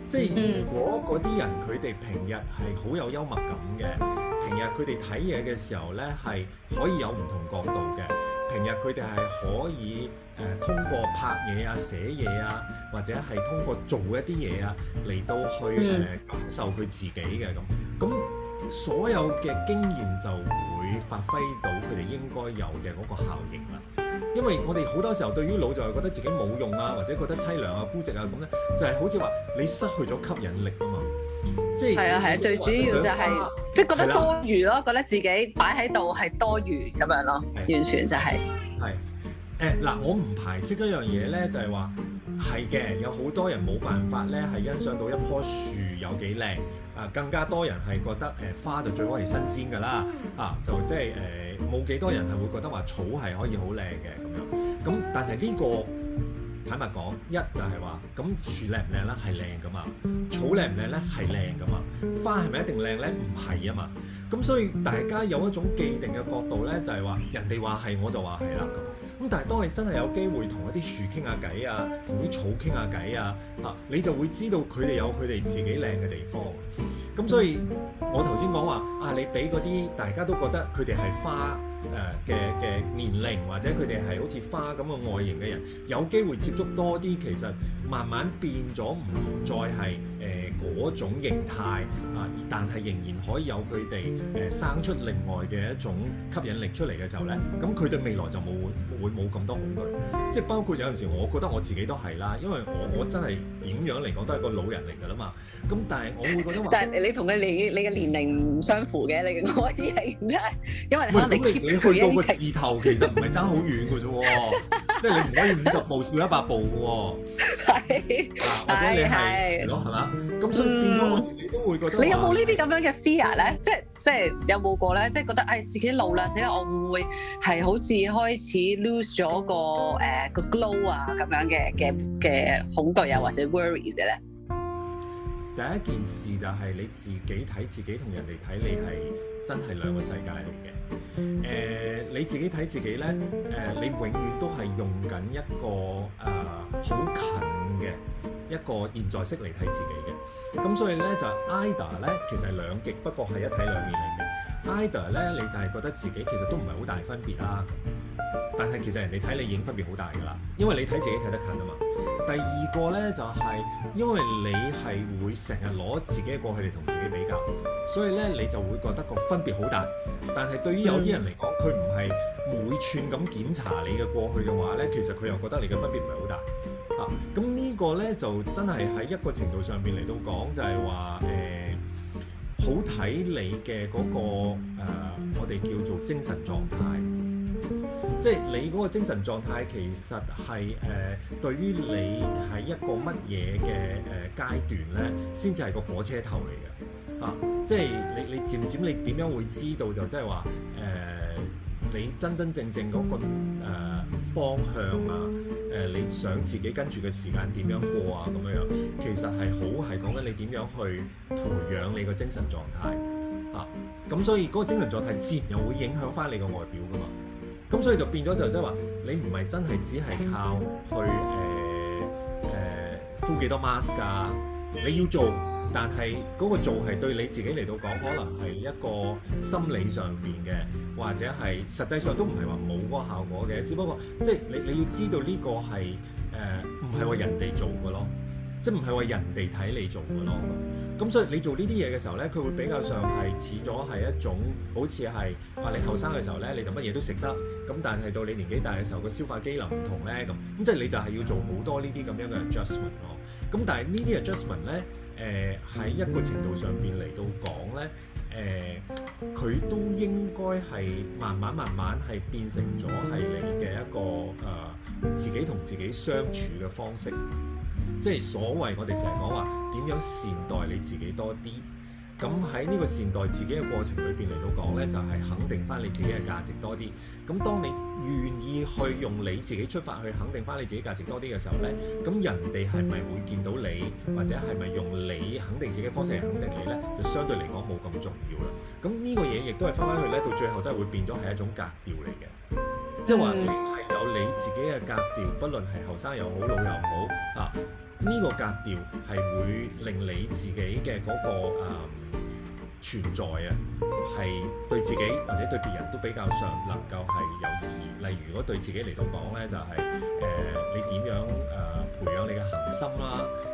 即係如果嗰啲人佢哋平日係好有幽默感嘅，平日佢哋睇嘢嘅時候咧係可以有唔同角度嘅，平日佢哋係可以誒、呃、通過拍嘢啊、寫嘢啊，或者係通過做一啲嘢啊嚟到去誒、呃、感受佢自己嘅咁咁。所有嘅經驗就會發揮到佢哋應該有嘅嗰個效應啦。因為我哋好多時候對於老就係覺得自己冇用啊，或者覺得淒涼啊、孤寂啊咁咧，就係、是、好似話你失去咗吸引力啊嘛。即係係啊係啊，最主要就係即係覺得多餘咯、啊，啊、覺得自己擺喺度係多餘咁樣咯，啊、完全就係、是。係誒嗱，我唔排斥一樣嘢咧，就係話。係嘅，有好多人冇辦法咧，係欣賞到一棵樹有幾靚啊！更加多人係覺得誒、呃、花就最好係新鮮㗎啦，啊就即係誒冇幾多人係會覺得話草係可以好靚嘅咁樣，咁但係呢個。坦白講，一就係話，咁樹靚唔靚咧係靚噶嘛，草靚唔靚咧係靚噶嘛，花係咪一定靚咧？唔係啊嘛。咁所以大家有一種既定嘅角度咧，就係、話，人哋話係我就話係啦。咁但係當你真係有機會同一啲樹傾下偈啊，同啲草傾下偈啊，啊，你就會知道佢哋有佢哋自己靚嘅地方。咁所以我頭先講話啊，你俾嗰啲大家都覺得佢哋係花，誒嘅嘅年齡或者佢哋係好似花咁嘅外形嘅人，有機會接觸多啲，其實慢慢變咗唔再係誒嗰種形態啊，但係仍然可以有佢哋誒生出另外嘅一種吸引力出嚟嘅時候咧，咁佢對未來就冇會會冇咁多恐懼，即係包括有陣時，我覺得我自己都係啦，因為我我真係點樣嚟講都係個老人嚟噶啦嘛。咁但係我會覺得，但係你同佢年你嘅年齡唔相符嘅，你我啲係真係因為你可能 keep。去到個字頭其實唔係爭好遠嘅啫，即係你唔可以五十步笑一百步嘅喎。或者你係，係囉，係嘛？咁所以變咗我自己都會覺得。你有冇呢啲咁樣嘅 fear 咧？即係即係有冇過咧？即係覺得誒自己老啦，死啦，我會唔會係好似開始 lose 咗個誒個 glow 啊咁樣嘅嘅嘅恐懼啊或者 worries 嘅咧？第一件事就係你自己睇自己同人哋睇你係。真係兩個世界嚟嘅，誒、呃、你自己睇自己呢，誒、呃、你永遠都係用緊一個啊好、呃、近嘅一個現在式嚟睇自己嘅，咁所以呢，就 IDA 呢，其實係兩極，不過係一體兩面嚟嘅。IDA 呢，你就係覺得自己其實都唔係好大分別啦。但係其實人哋睇你已經分別好大噶啦，因為你睇自己睇得近啊嘛。第二個呢，就係、是、因為你係會成日攞自己嘅過去嚟同自己比較，所以呢，你就會覺得個分別好大。但係對於有啲人嚟講，佢唔係每寸咁檢查你嘅過去嘅話呢，其實佢又覺得你嘅分別唔係好大。咁、啊、呢個呢，就真係喺一個程度上面嚟到講，就係話誒，好睇你嘅嗰、那個誒、呃，我哋叫做精神狀態。即係你個精神狀態其實係誒、呃、對於你喺一個乜嘢嘅誒階段咧，先至係個火車頭嚟嘅啊！即係你你漸漸你點樣會知道就即係話誒你真真正正，正、嗰個誒、呃、方向啊誒、呃、你想自己跟住嘅時間點樣過啊，咁樣樣其實係好係講緊你點樣去培養你精、啊、個精神狀態啊！咁所以個精神狀態自然又會影響翻你個外表噶嘛。咁所以就變咗就即係話，你唔係真係只係靠去誒誒、呃呃、敷幾多 mask 㗎，啊？你要做，但係嗰個做係對你自己嚟到講，可能係一個心理上面嘅，或者係實際上都唔係話冇嗰個效果嘅。只不過即係你你要知道呢個係誒唔係為人哋做嘅咯，即係唔係為人哋睇你做嘅咯。咁所以你做呢啲嘢嘅時候呢，佢會比較上係似咗係一種好似係話你後生嘅時候呢，你就乜嘢都食得。咁但係到你年紀大嘅時候，個消化機能唔同呢。咁咁即係你就係要做好多呢啲咁樣嘅 adjustment 咯。咁但係呢啲 adjustment 呢，誒喺一個程度上邊嚟到講呢，誒、呃、佢都應該係慢慢慢慢係變成咗係你嘅一個誒、呃、自己同自己相處嘅方式。即係所謂我哋成日講話點樣善待你自己多啲，咁喺呢個善待自己嘅過程裏邊嚟到講呢，就係肯定翻你自己嘅價值多啲。咁當你願意去用你自己出發去肯定翻你自己價值多啲嘅時候呢，咁人哋係咪會見到你，或者係咪用你肯定自己嘅方式嚟肯定你呢？就相對嚟講冇咁重要啦。咁呢個嘢亦都係翻返去呢，到最後都係會變咗係一種格調嚟嘅。即係話，你係有你自己嘅格調，不論係後生又好，老又好，啊呢個格調係會令你自己嘅嗰個誒存在啊，係對自己或者對別人都比較上能夠係有意義。例如，如果對自己嚟到講咧，就係誒你點樣誒培養你嘅恆心啦，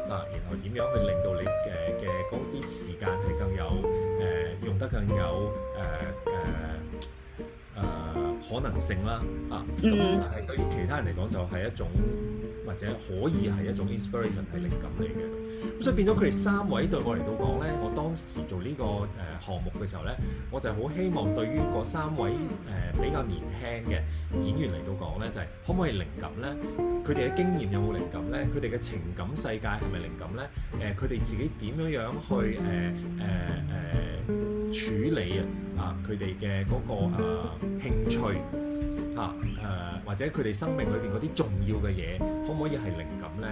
啊，然後點樣去令到你誒嘅嗰啲時間係更有誒用得更有誒誒誒可能性啦，啊，咁但係對於其他人嚟講就係一種，或者可以係一種 inspiration 係靈感嚟嘅。咁所以變咗佢哋三位對我嚟到講咧，我當時做呢、這個誒、呃、項目嘅時候咧，我就好希望對於嗰三位誒、呃、比較年輕嘅演員嚟到講咧，就係、是、可唔可以靈感咧？佢哋嘅經驗有冇靈感咧？佢哋嘅情感世界係咪靈感咧？誒、呃，佢哋自己點樣樣去誒誒誒處理啊？啊！佢哋嘅嗰個誒、啊、興趣，嚇、啊、誒、啊、或者佢哋生命裏邊嗰啲重要嘅嘢，可唔可以係靈感咧？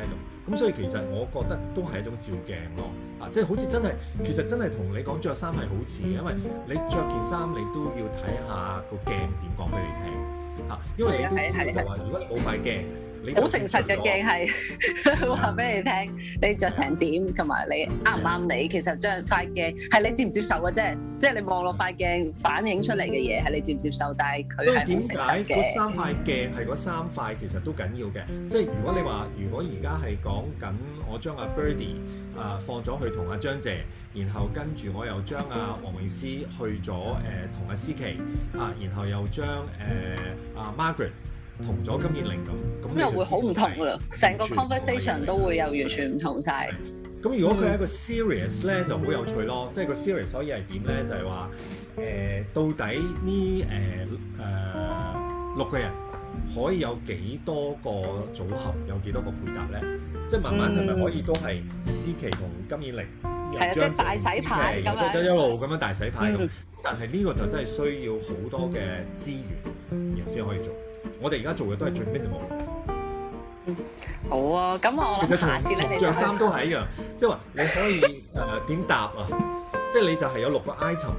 咁咁所以其實我覺得都係一種照鏡咯，嚇即係好似真係，其實真係同你講着衫係好似嘅，因為你着件衫你都要睇下個鏡點講俾你聽，嚇、啊，因為你都知道話，如果你冇塊鏡。好誠實嘅鏡係話俾你聽，你着成點同埋是的 你啱唔啱你，其實將塊鏡係你接唔接受嘅啫，即係你望落塊鏡反映出嚟嘅嘢係你接唔接受，但係佢係好誠實嘅。嗰三塊鏡係嗰三塊其實都緊要嘅，即係如果你話如果而家係講緊我將阿 Birdie 啊放咗去同阿張姐，然後跟住我又將阿黃永詩去咗誒同阿思琪啊，然後又將誒阿 Margaret，啊啊啊啊啊啊啊同咗金燕玲咁，咁又會好唔同噶啦，成個 conversation 都會有完全唔同晒。咁如果佢係一個 serious 咧，就好有趣咯。即係個 serious，所以係點咧？就係話誒，到底呢誒誒六個人可以有幾多個組合，有幾多個回答咧？即係慢慢同埋可以都係思琪同金燕玲，係啊，即大洗牌咁啊，一路咁樣大洗牌咁。但係呢個就真係需要好多嘅資源，然後先可以做。我哋而家做嘅都係最 minimum、嗯。好啊，咁我諗下次 [LAUGHS] 你哋可以。著衫都係一樣，啊、 [LAUGHS] 即係話你，你可以誒點搭，搭啊？即係你就係有六個 item，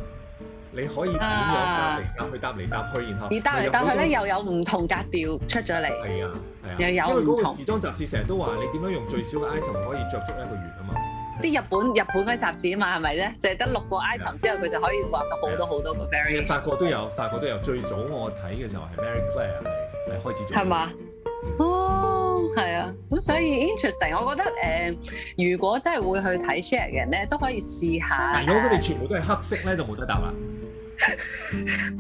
你可以點樣搭嚟搭去搭嚟搭去，然後。而搭嚟搭去咧，又有唔同格調出咗嚟。係啊，係啊。又有唔同。因為嗰個時裝雜誌成日都話，你點樣用最少嘅 item 可以着足一個月啊嘛？啲日本日本嘅啲雜誌啊嘛，係咪咧？就係、是、得六個 item、啊、之後，佢就可以畫到好多好多，多個 variant 法國都有，法國都有。最早我睇嘅就係 Marie Claire。係嘛？哦，係啊，咁所以 interesting。我覺得誒、呃，如果真係會去睇 share 嘅人咧，都可以試下。如果佢哋全部都係黑色咧，就冇得答啦。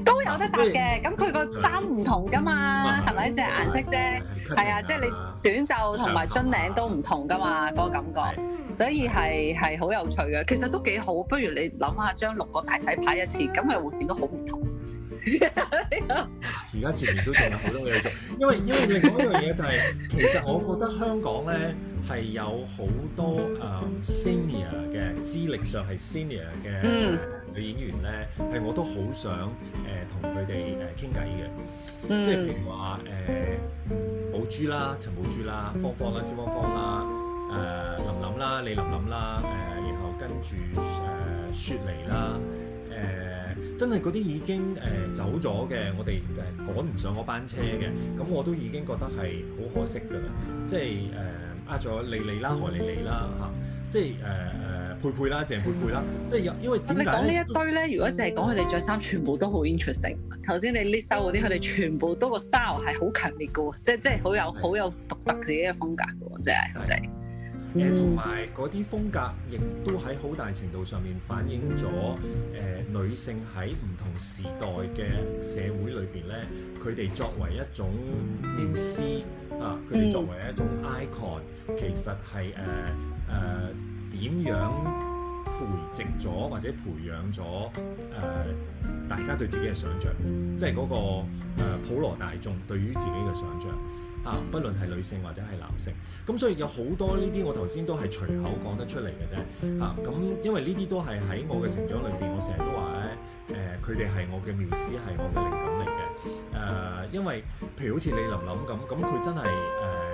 都有得答嘅，咁佢個衫唔同噶嘛，係咪？只顏色啫，係啊，啊，即係你短袖同埋樽領都唔同噶嘛，嗰、嗰個、感覺。是所以係係好有趣嘅，其實都幾好。不如你諗下，將六個大洗牌一次，咁係會見到好唔同。而家 Yeah、yeah. 前面都仲有好多嘢做， [LAUGHS] 因為因為你講一樣嘢就係、是，其實我覺得香港咧係有好多誒、嗯、senior 嘅資歷上係 senior 嘅女演員咧，係、呃 mm. 呃、我都好想誒同佢哋誒傾偈嘅，即係譬如話誒、呃、寶珠啦、陳寶珠啦、芳芳啦、蕭芳芳啦、誒、呃、琳琳啦、李琳琳啦，誒、呃、然後跟住誒、呃、雪梨啦。呃真係嗰啲已經誒、呃、走咗嘅，我哋誒、呃、趕唔上嗰班車嘅，咁我都已經覺得係好可惜㗎啦。即係誒呃咗莉莉啦、何莉莉啦嚇，即係誒誒佩佩啦、鄭佩佩啦，即係因因為點解？但你講呢一堆咧，如果淨係講佢哋着衫全部都好 interesting。頭先你 list 嗰啲，佢哋全部都、個 style 係好強烈嘅，即係即係好有好有獨特自己嘅風格㗎喎，即係佢哋。誒同埋嗰啲風格，亦都喺好大程度上面反映咗誒、嗯呃、女性喺唔同時代嘅社會裏邊咧，佢哋作為一種 muse 啊，佢哋作為一種 icon，其實係誒誒點樣培植咗或者培養咗誒、呃、大家對自己嘅想像，嗯、即係嗰、嗰個、呃、普羅大眾對於自己嘅想像。啊，不論係女性或者係男性，咁所以有好多呢啲，我頭先都係隨口講得出嚟嘅啫。啊，咁因為呢啲都係喺我嘅成長裏邊，我成日都話咧，誒、呃，佢哋係我嘅繆斯，係我嘅靈感嚟嘅。誒、啊，因為譬如好似李琳琳咁，咁佢真係誒。呃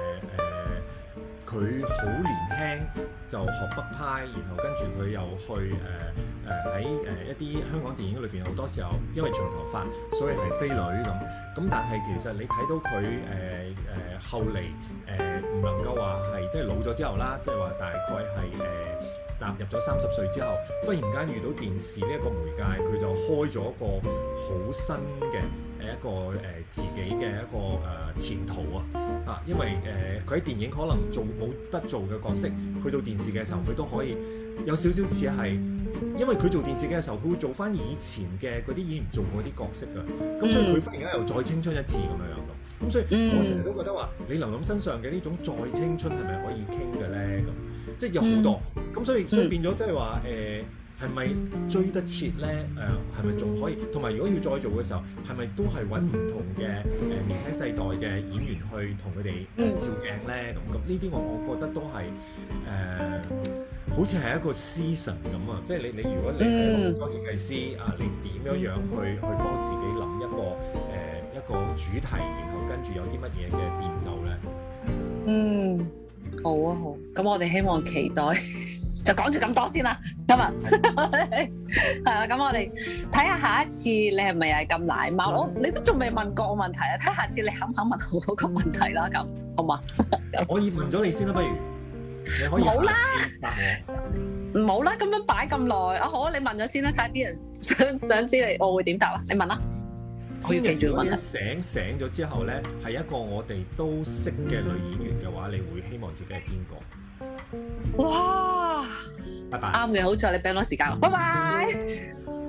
佢好年輕就學北派，然後跟住佢又去誒誒喺誒一啲香港電影裏邊，好多時候因為長頭髮，所以係飛女咁。咁但係其實你睇到佢誒誒後嚟誒唔能夠話係即係老咗之後啦，即係話大概係誒、呃、踏入咗三十歲之後，忽然間遇到電視呢一個媒介，佢就開咗一個好新嘅，一個誒、呃、自己嘅一個誒、呃、前途啊啊！因為誒佢喺電影可能做冇得做嘅角色，去到電視嘅時候，佢都可以有少少似係，因為佢做電視嘅時候，佢會做翻以前嘅嗰啲演員做過啲角色啊。咁所以佢忽然間又再青春一次咁樣樣咯。咁所以我成日都覺得話，李琳琳身上嘅呢種再青春係咪可以傾嘅咧？咁即係有好多，咁所以所以變咗即係話誒。呃係咪追得切咧？誒係咪仲可以？同埋如果要再做嘅時候，係咪都係揾唔同嘅誒年輕世代嘅演員去同佢哋照鏡咧？咁咁呢啲我我覺得都係誒、呃，好似係一個 season 咁啊！即係你你如果你係一個設計師、嗯、啊，你點樣樣去去幫自己諗一個誒、呃、一個主題，然後跟住有啲乜嘢嘅變奏咧？嗯，好啊好啊，咁我哋希望期待。 [LAUGHS] 就講住咁多先啦，今日係啦，咁我哋睇下下一次你係咪又係咁奶貓？我你都仲未問過我問題啊，睇下次你肯唔肯問我嗰個問題啦，咁好嗎？我已問咗你先啦，不如你可以好啦，唔好啦，咁樣擺咁耐，啊好，你問咗先啦，睇下啲人想想知你，我會點答啊？你問啦！我要記住個問題。醒醒咗之後咧，係一個我哋都識嘅女演員嘅話，你會希望自己係邊個？哇！拜拜 Bye bye.，啱嘅，好彩你 plan 到時間，拜拜。